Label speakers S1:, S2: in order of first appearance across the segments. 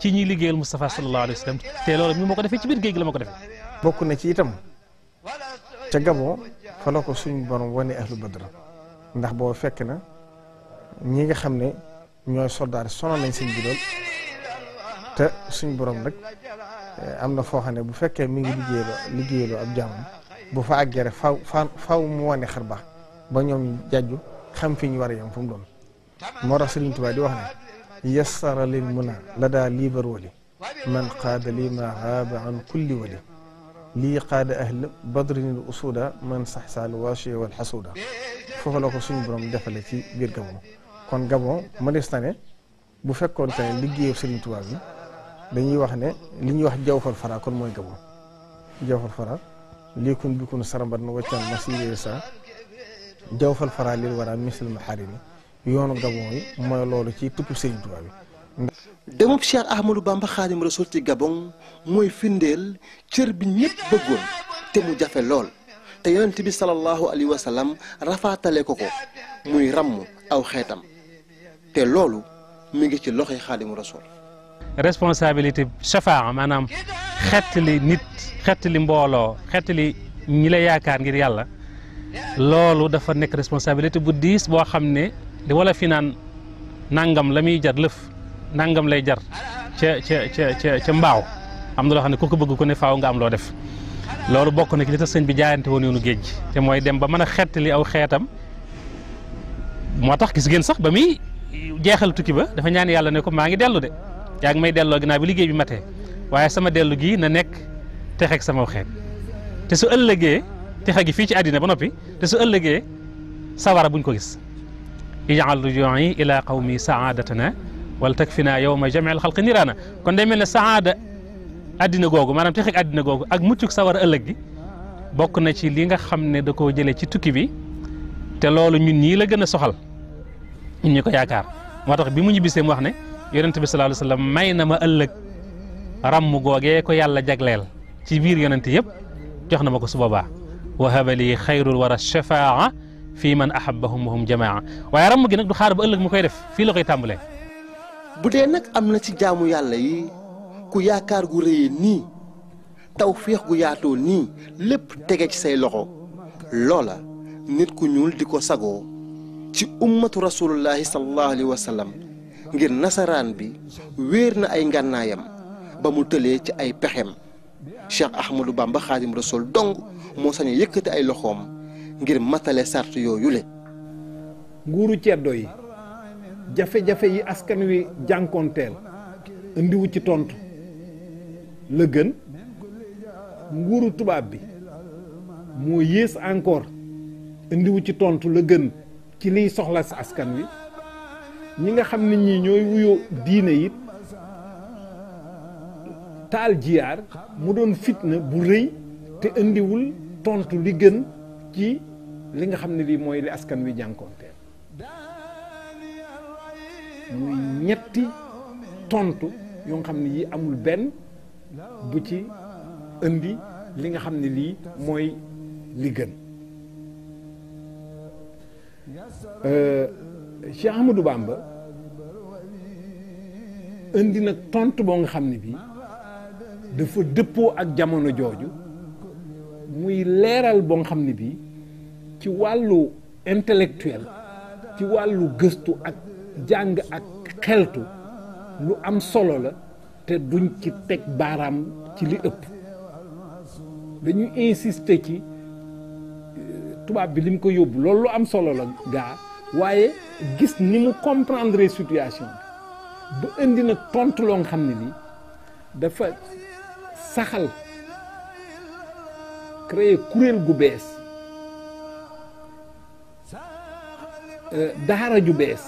S1: ci ñi liggéeyal Moustapha sallallahu alayhi wa sallam te loolu mi ma ko defee ci biir géej gi la ma ko defee. bokk na ci itam ca Gabon fa la ko suñu borom wane ahlu badr ndax boo fekk na ñi nga xam ne ñooy soldaar sonal nañ te suñu borom nag eh, am na foo xam ne bu fekkee mi ngi liggéeyaloo liggéeyaloo ab jaamam bu fa àggee rek faaw faaw mu wane xar ba ñoom ñu jàjju xam fi ñu war a yem fu mu doon moo tax Serigne Touba di wax ne. yassara lil muna la daa liibar wali man qaada lii ma haaba an kulli wali lii qaada ahl badrinil usuda man saxsaal waasiya wal xasuuda foofu la ko suñu borom defale ci biir Gabon kon Gabon mënees na ne bu fekkoon te ne liggéeyu Sëriñ Tuubaa bi dañuy wax ne li ñuy wax jawfal fara kon mooy Gabon jawfal fara liikun bikun saraban waccan masiré sa jawfal fara lil wara misal maharimi yoonu Gabon yi mooy loolu ci tukki Serigne Touba bi. demub Cheikh Ahmadou Bamba Xaadim Rasul ci Gabon mooy firndeel cër bi ñëpp bëggoon te mu jafe lool te yonent bi sallallahu alayhi wa rafaatale ko ko muy ràmm aw xeetam te loolu mu ngi ci loxoy Xaadim Rasul.
S2: responsabilité chafaa maanaam xettali nit xettali mbooloo xettali ñi la yaakaar ngir yàlla loolu dafa nekk responsabilité bu diis boo xam ne. li wala fi naan nangam la muy jar lëf nangam lay jar ca ca ca ca ca mbaaw am na loo xam ne ku ko bëgg ku ne faw nga am loo def loolu bokk na ci li tax sëñ bi jaayante woon yoonu géej gi te mooy dem ba mën a xettali aw xeetam moo tax gis ngeen sax ba muy jeexal tukki ba dafa ñaan yàlla ne ko maa ngi dellu de yaa ngi may delloo ginnaaw bi liggéey bi matee waaye sama dellu gii na nekk texeeg sama xeet te su ëllëgee texe gi fii ci àddina ba noppi te su ëllëgee sawara buñ ko gis ijal ruju'i ila qawmi saadatana wala takfina yawma jami'il xalqi niraana kon day mel ne saada addina googu maanaam texik addina googu ak muccuk sawar ëllëg gi bokk na ci lii nga xam ne da koo jëlee ci tukki bi te loolu ñun ñii la gën a soxal ñu ñi ko yaakaar moo tax bi mu ñibbisee mu wax ne yonent bi sallallahu alayhi wasallam may na ma ëllëg rammu googee ko yàlla jagleel ci biir yonent yëpp jox na ma ko su wa habali xayrul wara shafaa fii man ahabbahum wahum jamaa waaye ramm gi nag du xaar ba ëllëg mu koy def fii la koy tàmbalee. bu dee nag am na ci
S1: jaamu yàlla yi ku yaakaar gu rëyee nii taw féex gu yaatoo nii lépp tege ci say loxo loola nit ku ñuul di ko sagoo ci ummatu rasulullahi sallallahu alayhi wa ngir nasaraan bi wéer na ay ngànnaayam ba mu tëlee ci ay pexem Cheikh Ahmadou Bamba Xaadim Rasul dong moo sañ a ay loxoom. ngir matale sart yooyu le
S3: nguuru ceddo yi jafe-jafe yi askan wi jànkoonteel indiwu ci tontu la gën nguuru tubaab bi moo yées encore indiwu ci tontu la gën ci liy soxla si askan wi ñi nga xam ne ñii ñooy wuyoo diine it taal jiyaar mu doon fitna bu rëy te indiwul tontu li gën ci li nga xam ne lii mooy li askan wi jànkoonteel muy ñetti tontu yoo nga xam ne yii amul benn bu ci indi li nga xam ne lii mooy li gën euh, Cheikh Ahmadou Bamba indi nag tontu boo nga xam ne bii dafa dëppoo ak jamono jooju muy leeral boo nga xam ne bii ci wàllu intellectuel ci wàllu gëstu ak jàng ak xeltu lu am solo la te duñ ci teg baaraam ci li ëpp dañu insister ci euh, tubaab bi lim ko yóbbu loolu lu am solo la gaa waaye gis ni mu comprendre situation bi indi nag tontu loo nga xam ne nii dafa saxal créer kuréel gu bees Euh, daara ju bees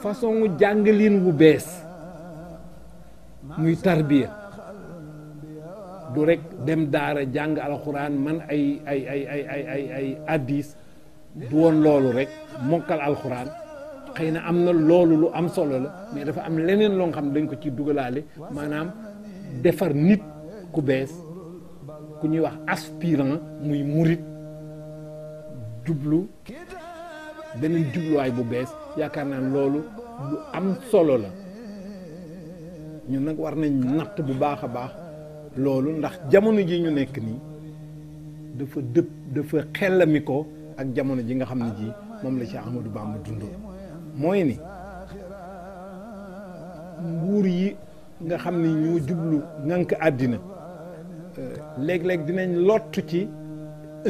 S3: façon jàngalin bu bees muy tarbiya du rek dem daara jàng alxuraan man ay ay ay ay ay ay ay addis du woon loolu rek mokkal alxuraan xëy na am na loolu lu am solo la mais dafa am leneen loo xam dañ ko ci dugalaale maanaam defar nit ku bees ku ñuy wax aspirant muy murit jublu beneen jubluwaay bu bees yaakaar naa loolu lu am solo la ñu nag war nañ natt bu baax a baax loolu ndax jamono ji ñu nekk nii dafa dëpp dafa xellami ko ak jamono ji nga xam ne ji moom la ci Amadou Bamba dundoo mooy ni nguur yi nga xam ni ñoo jublu ngànk àddina euh, léeg-léeg dinañ lott ci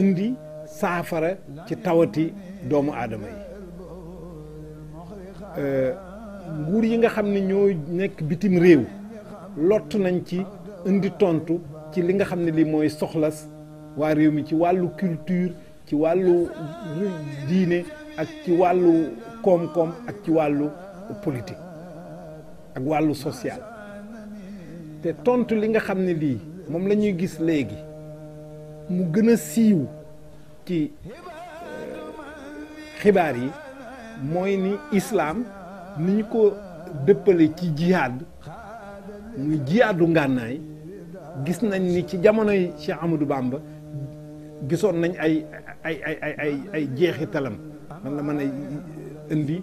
S3: indi saafara ci tawati doomu aadama yi euh, nguur yi nga xam ni ñoo nekk bitim réew lott nañ ci indi tontu ci li nga xam ne lii mooy soxlas waa réew mi ci wàllu culture ci wàllu diine ak ci wàllu koom-koom ak ci wàllu politique ak wàllu social te tontu li nga xam ne lii moom lañuy gis léegi mu gën a siiw ci euh, xibaar yi mooy ni islaam ni ñu ko dëppale ci jihaad muy jihaadu ngànnaay gis nañ ni ci jamonoy Cheikh Amadou Bamba gisoon nañ ay ay ay ay ay ay jeexitalam man la mën a indi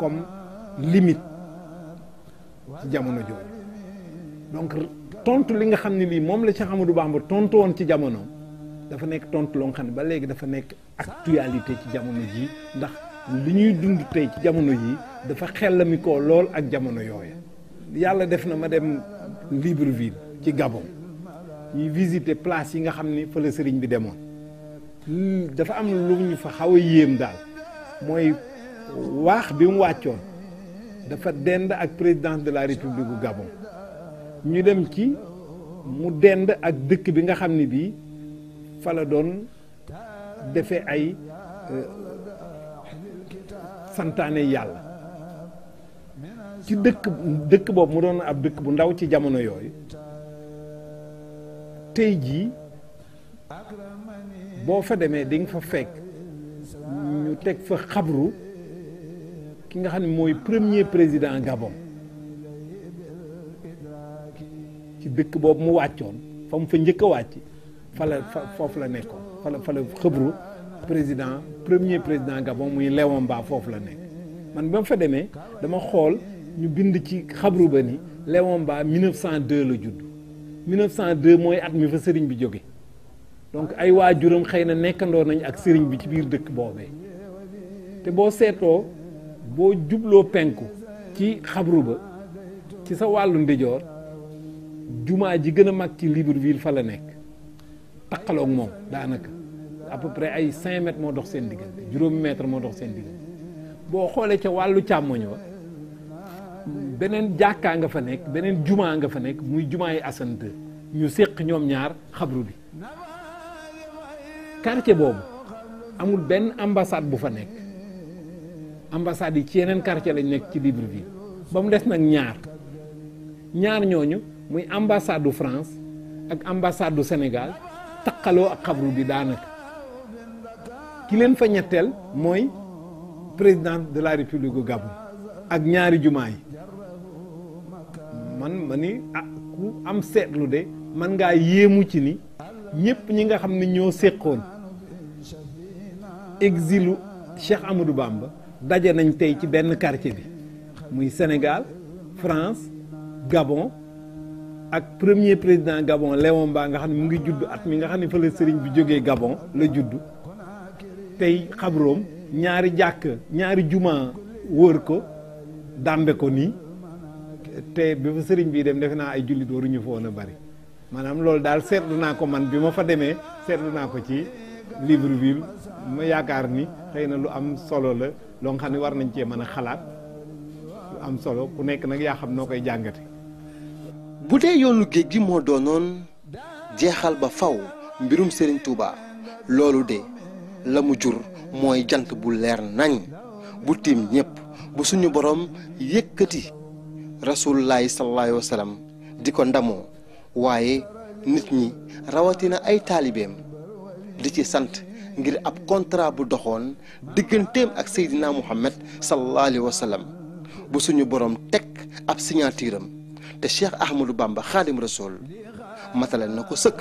S3: comme limite ci jamono jooju donc tontu li nga xam ne lii moom la Cheikh Amadou Bamba tontu woon ci jamono. dafa nekk tontu loo xam ne ba léegi dafa nekk actualité ci jamono jii ndax li ñuy dund tey ci jamono jii dafa xellami lool ak jamono yooya. yàlla def na ma dem Libreville ci Gabon ñuy visiter place yi nga xam ni fa la sëriñ bi demoon dafa am lu ñu fa xaw a yéem daal mooy waax bi mu wàccoon dafa dend ak président de la république bu Gabon ñu dem ci mu dend ak dëkk bi nga xam ni bii. fa la doon defe ay euh, santaane yàlla ci dëkk dëkk boobu mu doon ab dëkk bu ndaw ci jamono yooyu tey jii boo fa demee di nga fa fekk ñu teg fa xabru ki nga xam ne mooy premier président Gabon ci dëkk boobu mu wàccoon fa mu fa njëkk a wàcc fa la fa foofu la nekkoon fa la fa la xëbru président premier président Gabon muy Léon Mba foofu la nekk man ba fa demee dama xool ñu bind ci xabru ba ni Léon Mba 1902 la judd 1902 mooy at mi fa sëriñ bi jóge donc ay waa waajuram xëy na nekkandoo nañ ak sëriñ bi ci biir dëkk boobee te boo seetoo boo jubloo penku ci xabru ba ci sa wàllu ndijoor jumaa ji gën a mag ci Libreville fa la nekk taqaloog moom daanaka à peu ay 5 moo dox seen diggante juróomi mètre moo dox seen diggante boo xoolee ca wàllu càmmoñ wa beneen jàkkaa nga fa nekk beneen jumaa nga fa nekk muy jumaa yi asante ñu séq ñoom ñaar xabru bi quartier boobu amul benn ambassade bu fa nekk ambassade yi ci yeneen quartier lañ nekk ci Libreville ba mu des nag ñaar ñaar ñooñu muy ambassade du France ak ambassade du Sénégal taqaloo ak xabru bi daanaka ki fa ñetteel mooy président de la république gu Gabon ak ñaari jumaa yi man ma ni ah ku am seetlu de man ngaa yéemu ci ni ñëpp ñi nga xam ne ñoo séqoon exilu Cheikh Amadou Bamba daje nañ tey ci benn quartier bi muy Sénégal France Gabon ak premier président Gabon Léon Mba nga xam ne mu ngi judd at mi nga xam ne fa la sëriñ bi jógee Gabon la judd tey xabroom ñaari jàkk ñaari jumaa wër ko dàmbe ko nii te bi fa sëriñ bii dem defe naa ay jullit waruñu fa woon a bari maanaam loolu daal seetlu naa ko man bi ma fa demee seetlu naa ko ci libre Libreville ma yaakaar ni xëy na lu am solo la loo xam ne war nañ cee mën a xalaat lu am solo ku nekk nag yaa xam noo koy jàngate
S1: bu dee yoonu géej gi moo doonoon jeexal ba faw mbirum Serigne Touba loolu de la mu jur mooy jant bu leer nañ bu tiim ñépp bu suñu borom yëkkati rasulilahi sallallahu alayhi di ko ndamoo waaye nit ñi rawatina ay taalibeem di ci sant ngir ab contrat bu doxoon digganteem ak Seydina Muhammad sallallahu alayhi bu suñu borom teg ab signature te Cheikh Ahmadou Bamba xaadim rasool matalal na ko sëkk